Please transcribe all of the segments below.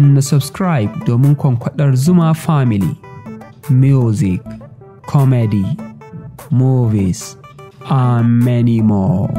na subscribe domin kwankwadar Zuma Family. Music, comedy, movies, and many more.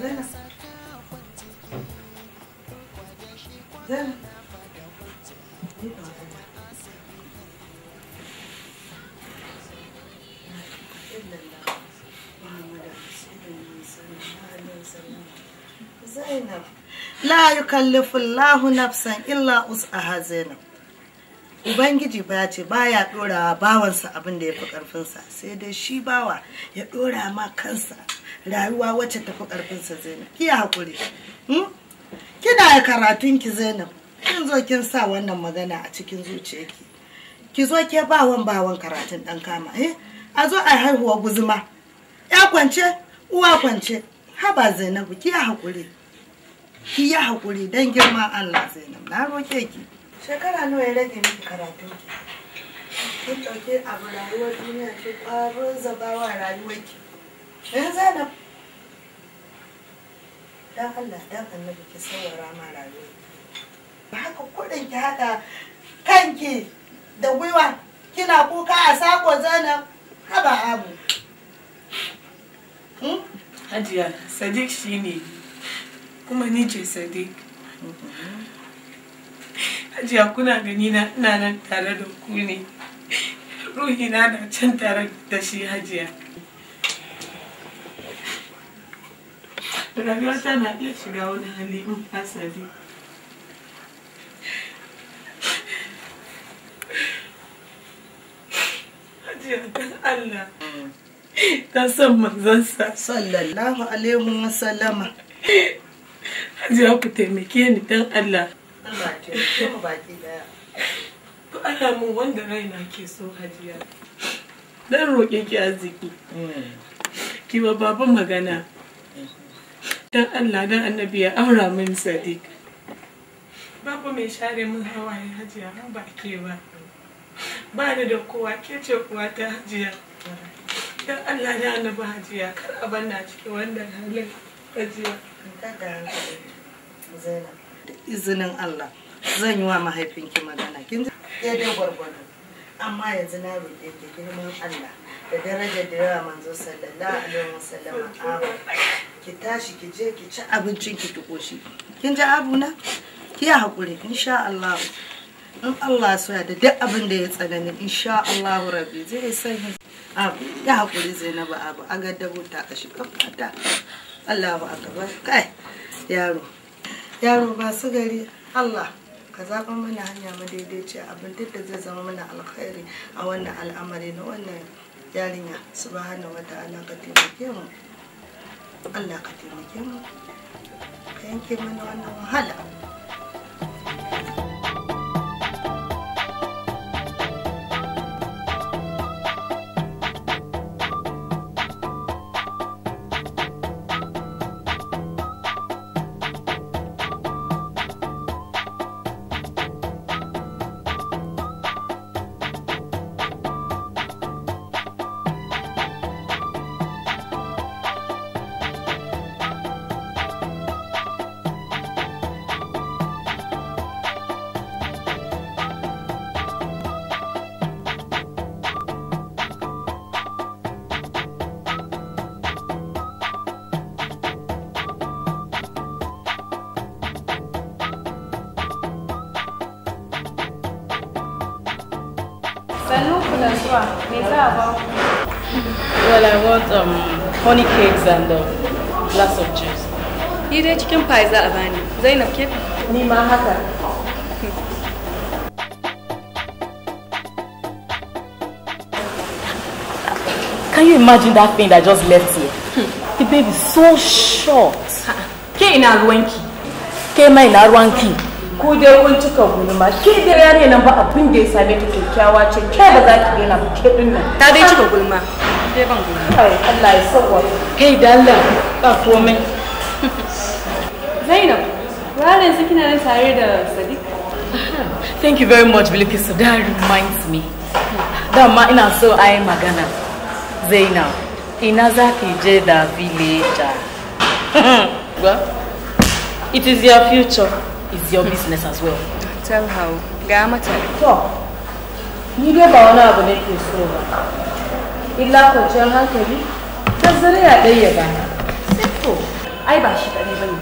Zena. Zena. La yukallifu nafsan illa us'aha Zainab. Ubangiji ba ce baya ɗorawa bawansa abin da ya fi ƙarfinsa sai dai shi bawa ya ɗora ma kansa rayuwa wacce tafi karfinsa zainab ki hakuri hmm? kina karatun ki zainab kin zo kin sa wannan magana a cikin zuciyarki ki zo ke bawan bawan karatun dan kama eh a zo a haihuwa guzuma ya kwance uwa kwance haba zainabu ki hakuri ki ya hakuri dan girman Allah zainab na roke ki shekara nawa ya rage miki karatu kin ɗauke abu rayuwar duniya ce ƙwarin zabawa rayuwarki Yan Zainab. Dan Allah dan annabi ki saurara ma rayuwa. Ba haka kudin ki haka kanki da gwiwa kina kuka a sako Zainab haba abu. Hmm? Hajiya, Sadiq shi ne, kuma ni ce Sadiq. Hajiya kuna gani na ina nan tare da ku ne, ruhina na can tare da shi Hajiya. rayuwa tana iya shiga wani hali in fasari Allah ta san manzansa sallallahu alaihi wasallama Hajiya ku taimake ni dan Allah Allah ta Allah mun wanda raina ke so Hajiya dan roƙe ki arziki mm. ki wa baba magana mm. don Allah dan annabi ya aura min sadiq babu mai share min hawaye hajiya ba ke ba ba ni da kowa ke ce kuwa ta hajiya don Allah da annabi hajiya kar a banna cikin wannan halin hajiya izinin Allah zan yi wa mahaifinki magana kin ji daidai gwargwado amma yanzu na roƙe ki girman Allah da darajar da yawa manzo sallallahu alaihi wasallam a ki tashi ki je ki ci abinci ki tuko shi kin ji abuna ki ya hakuri insha Allah in Allah so ya da duk abin da ya tsanani insha Allah rabbi zai sanya abu ya hakuri Zainabu abu a gadda buta ka shi kafata Allahu akbar kai yaro yaro ba su gari Allah ka zaɓa mana hanya madaidaici abin duk da zai zama mana alkhairi a wannan al'amari na wannan yarinya subhanahu wa ta'ala ka taimake mu Allah ka taimake mu ka yanke mana wannan wahala Well, I want um, honey cakes and a um, glass of juice. Yi dai cikin pie za a bani. Zainab ke? Ni ma haka. Can you imagine that thing that just left here? The baby is so short. Ke ina ruwanki? Ke ma ko dai kun cika gulma ke da ne nan ba abin da ya same ta kyakkyawa ce ke ba za ki daina ba ke din nan ta dai cika gulma dai ban gulma kai Allah ya sauwa kai da Allah ba komai Zainab har yanzu kina nan tare da Sadiq Thank you very much Bilkisu. that reminds me Da ma ina so a yi magana Zainab ina za ki je da villager It is your future. is your business as well tell how ga mata to ni dai ba wani abu ne ke so ba illa kwanciyar hankali ta zuriya ɗaya ba sai ai ba shi ɗaya ba ne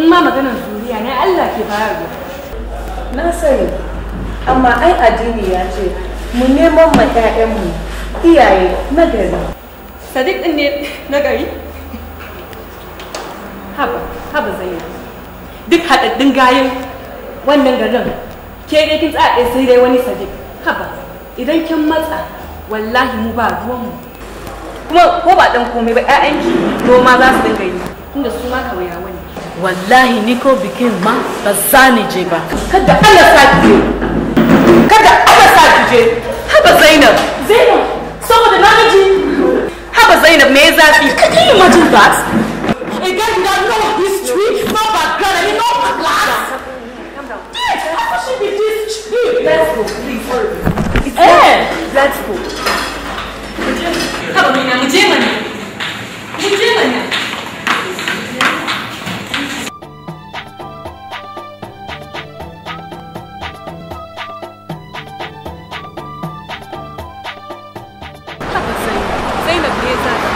in ma maganar zuriya ne allah ke bayarwa na sani amma ai addini ya ce mu neman ma 'ya'yanmu iyaye na gari sadiq ɗin ne na gari haba haba zainab duk haɗaɗɗun gayin wannan garin ke dai kin tsaya sai dai wani sadiq haba idan kin matsa wallahi mu ba mu kuma ko ba ɗan komai ba ƴaƴanki noma za su dinga yi tunda su ma kawai yawo ne wallahi ni ko bikin ma ba za ni je ba kada Allah sa ki je kada Allah sa ki je haba Zainab Zainab saboda na ji haba Zainab me zafi can you majin ba. A girl no history, no background, I no class. Hey, how could she be this cheap? Let's go, please. hey. Let's go. Hello, Mina. Mujemani. Mujemani. Zainab, the Zainab.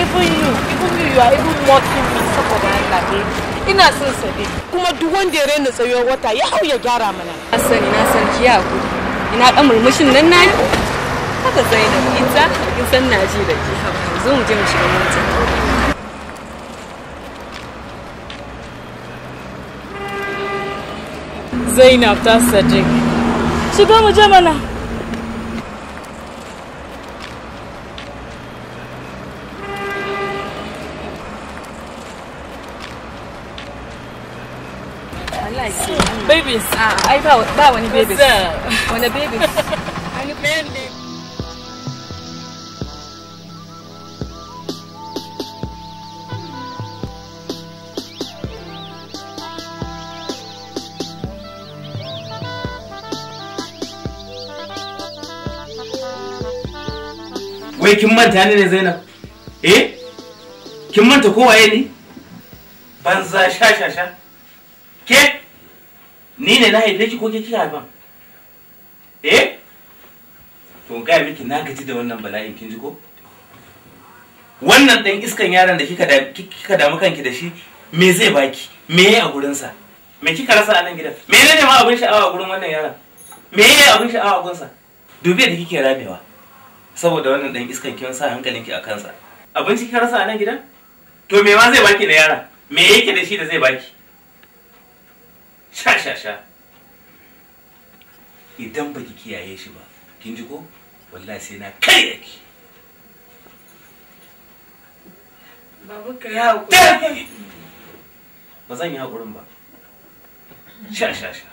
even you even you you are even mocking me saboda Allah dai ina son sa kuma duk wanda ya raina tsayuwar wata ya hau ya gyara mana na sani na san ki ya ku ina dan murmushin nan na yi haka Zainab in za kin san na ji da ki haka zo mu je mu shiga mota Zainab ta Sadiq shiga mu je mana babies. Ah, I thought that one babies. When the babies. When the babies. wai kin manta ne zainab eh kin manta ko waye banza sha sha sha ke ni ne na haife ki ko ke kira haifa eh to ga miki na gaji da wannan bala'in kin ji ko wannan dan iskan yaron da kika da kika damu kanki da shi me zai baki me a gurin sa me kika rasa a nan gidan me ne ma abin sha'awa gurin wannan yaron me yayi abin sha'awa gurin sa dubi da kike ramewa saboda wannan dan iskan kin sa hankalinki a kansa abin kika rasa a nan gidan to me ma zai baki da yaron me yake da shi da zai baki sha sha sha idan ba ki kiyaye shi ba kin ji ko wallahi sai na kai ki babu ka ya hakuri ba zan yi hakurin ba sha sha sha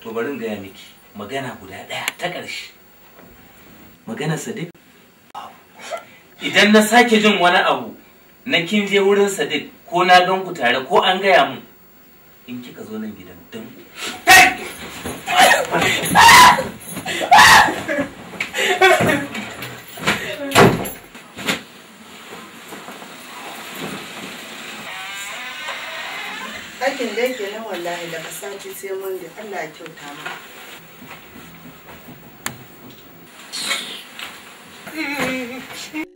to bari in gaya miki magana guda ɗaya ta ƙarshe magana sadiq idan na sake jin wani abu na kin je wurin sadiq ko na gan ku tare ko an gaya mun in kika zo nan gidan don aikin da yake nan wallahi daga sati sai mun da Allah ya kyauta mu Mm-hmm.